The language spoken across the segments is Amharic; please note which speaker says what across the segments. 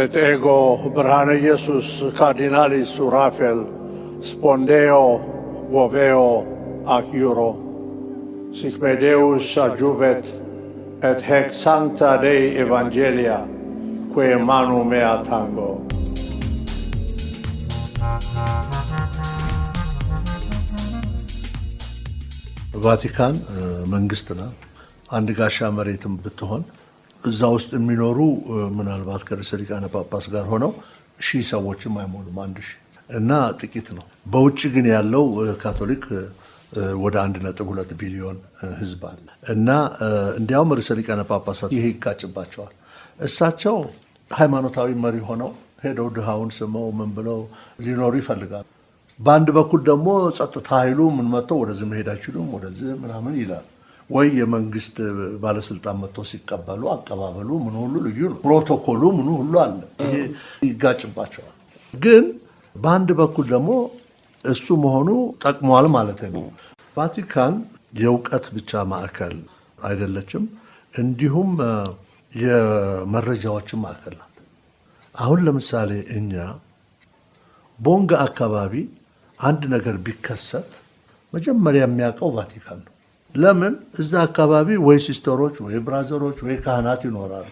Speaker 1: et ego brane Iesus cardinalis surafel spondeo boveo ac iuro sic me Deus adjuvet et hec sancta Dei Evangelia quae manu mea tango
Speaker 2: Vatican, uh, አንድ ጋሻ መሬትም ብትሆን እዛ ውስጥ የሚኖሩ ምናልባት ከርዕሰ ሊቃነ ጳጳስ ጋር ሆነው ሺህ ሰዎችም አይሞሉም፣ አንድ ሺህ እና ጥቂት ነው። በውጭ ግን ያለው ካቶሊክ ወደ አንድ ነጥብ ሁለት ቢሊዮን ህዝብ አለ እና እንዲያውም ርዕሰ ሊቃነ ጳጳሳት ይሄ ይጋጭባቸዋል። እሳቸው ሃይማኖታዊ መሪ ሆነው ሄደው ድሃውን ስመው ምን ብለው ሊኖሩ ይፈልጋሉ። በአንድ በኩል ደግሞ ጸጥታ ኃይሉ ምን መጥተው ወደዚህ መሄድ አይችሉም፣ ወደዚህ ምናምን ይላል። ወይ የመንግስት ባለስልጣን መጥቶ ሲቀበሉ አቀባበሉ ምን ሁሉ ልዩ ነው። ፕሮቶኮሉ ምኑ ሁሉ አለ። ይሄ ይጋጭባቸዋል። ግን በአንድ በኩል ደግሞ እሱ መሆኑ ጠቅሟል ማለት ነው። ቫቲካን የእውቀት ብቻ ማዕከል አይደለችም፣ እንዲሁም የመረጃዎችን ማዕከል ናት። አሁን ለምሳሌ እኛ ቦንጋ አካባቢ አንድ ነገር ቢከሰት መጀመሪያ የሚያውቀው ቫቲካን ነው። ለምን እዛ አካባቢ ወይ ሲስተሮች ወይ ብራዘሮች ወይ ካህናት ይኖራሉ።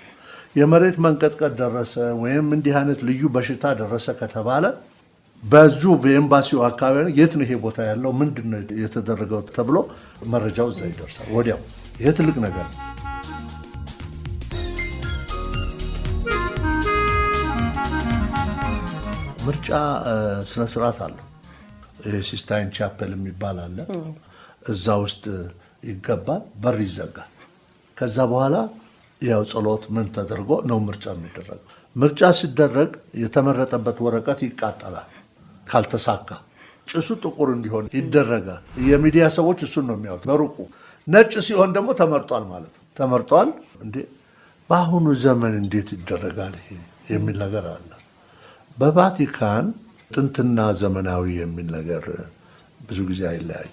Speaker 2: የመሬት መንቀጥቀጥ ደረሰ ወይም እንዲህ አይነት ልዩ በሽታ ደረሰ ከተባለ በዙ በኤምባሲው አካባቢ የት ነው ይሄ ቦታ ያለው ምንድን ነው የተደረገው ተብሎ መረጃው እዛ ይደርሳል ወዲያው። ይሄ ትልቅ ነገር ነው። ምርጫ ስነስርዓት አለው። ሲስታይን ቻፕል የሚባል አለ እዛ ውስጥ ይገባል፣ በር ይዘጋል። ከዛ በኋላ ያው ጸሎት ምን ተደርጎ ነው ምርጫ የሚደረገው። ምርጫ ሲደረግ የተመረጠበት ወረቀት ይቃጠላል። ካልተሳካ ጭሱ ጥቁር እንዲሆን ይደረጋል። የሚዲያ ሰዎች እሱን ነው የሚያዩት በሩቁ። ነጭ ሲሆን ደግሞ ተመርጧል ማለት ነው። ተመርጧል እንዴ! በአሁኑ ዘመን እንዴት ይደረጋል ይሄ የሚል ነገር አለ። በቫቲካን ጥንትና ዘመናዊ የሚል ነገር ብዙ ጊዜ አይለያዩ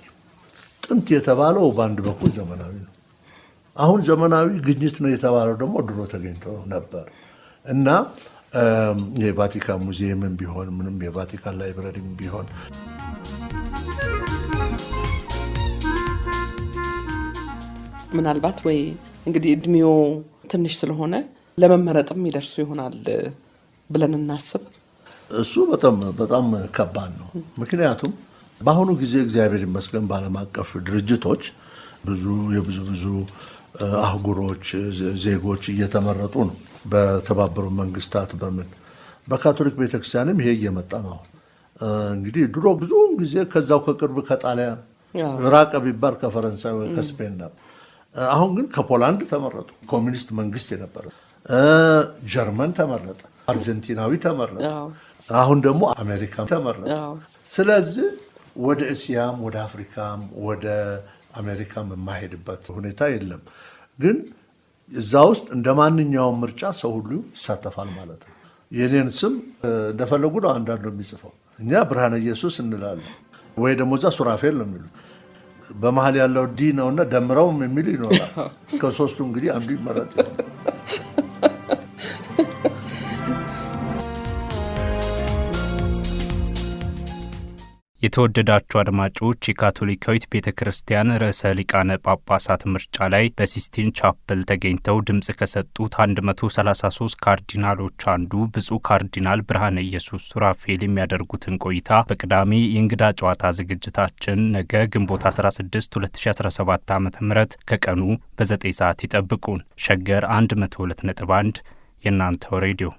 Speaker 2: ጥንት የተባለው በአንድ በኩል ዘመናዊ ነው። አሁን ዘመናዊ ግኝት ነው የተባለው ደግሞ ድሮ ተገኝቶ ነበር እና የቫቲካን ሙዚየምም ቢሆን ምንም የቫቲካን ላይብረሪም ቢሆን
Speaker 3: ምናልባት ወይ እንግዲህ እድሜው ትንሽ ስለሆነ ለመመረጥም ይደርሱ ይሆናል ብለን እናስብ።
Speaker 2: እሱ በጣም በጣም ከባድ ነው ምክንያቱም በአሁኑ ጊዜ እግዚአብሔር ይመስገን በዓለም አቀፍ ድርጅቶች ብዙ የብዙ ብዙ አህጉሮች ዜጎች እየተመረጡ ነው። በተባበሩ መንግስታት በምን በካቶሊክ ቤተክርስቲያንም ይሄ እየመጣ ነው። እንግዲህ ድሮ ብዙውን ጊዜ ከዛው ከቅርብ ከጣሊያን ራቀ ቢባል ከፈረንሳይ ወይ ከስፔን ነበር። አሁን ግን ከፖላንድ ተመረጡ። ኮሚኒስት መንግስት የነበረ ጀርመን ተመረጠ፣ አርጀንቲናዊ ተመረጠ፣ አሁን ደግሞ አሜሪካ ተመረጠ። ስለዚህ ወደ እስያም ወደ አፍሪካም ወደ አሜሪካም የማሄድበት ሁኔታ የለም። ግን እዛ ውስጥ እንደ ማንኛውም ምርጫ ሰው ሁሉ ይሳተፋል ማለት ነው። የኔን ስም እንደፈለጉ ነው አንዳንዱ የሚጽፈው። እኛ ብርሃነ ኢየሱስ እንላለን ወይ ደግሞ እዛ ሱራፌል ነው የሚሉት። በመሀል ያለው ዲ ነውና ደምረውም የሚል ይኖራል። ከሶስቱ እንግዲህ አንዱ ይመረጥ።
Speaker 4: የተወደዳችሁ አድማጮች የካቶሊካዊት ቤተ ክርስቲያን ርዕሰ ሊቃነ ጳጳሳት ምርጫ ላይ በሲስቲን ቻፕል ተገኝተው ድምፅ ከሰጡት 133 ካርዲናሎች አንዱ ብፁዕ ካርዲናል ብርሃነ ኢየሱስ ሱራፌል የሚያደርጉትን ቆይታ በቅዳሜ የእንግዳ ጨዋታ ዝግጅታችን ነገ ግንቦት 16 2017 ዓ ም ከቀኑ በ9 ሰዓት ይጠብቁን። ሸገር 102.1 የእናንተው ሬዲዮ